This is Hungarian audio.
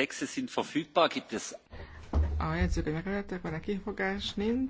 Texte sind verfügbar. Gibt es... A jegyzőkönyvek mellettek van-e kifogás? Nincs.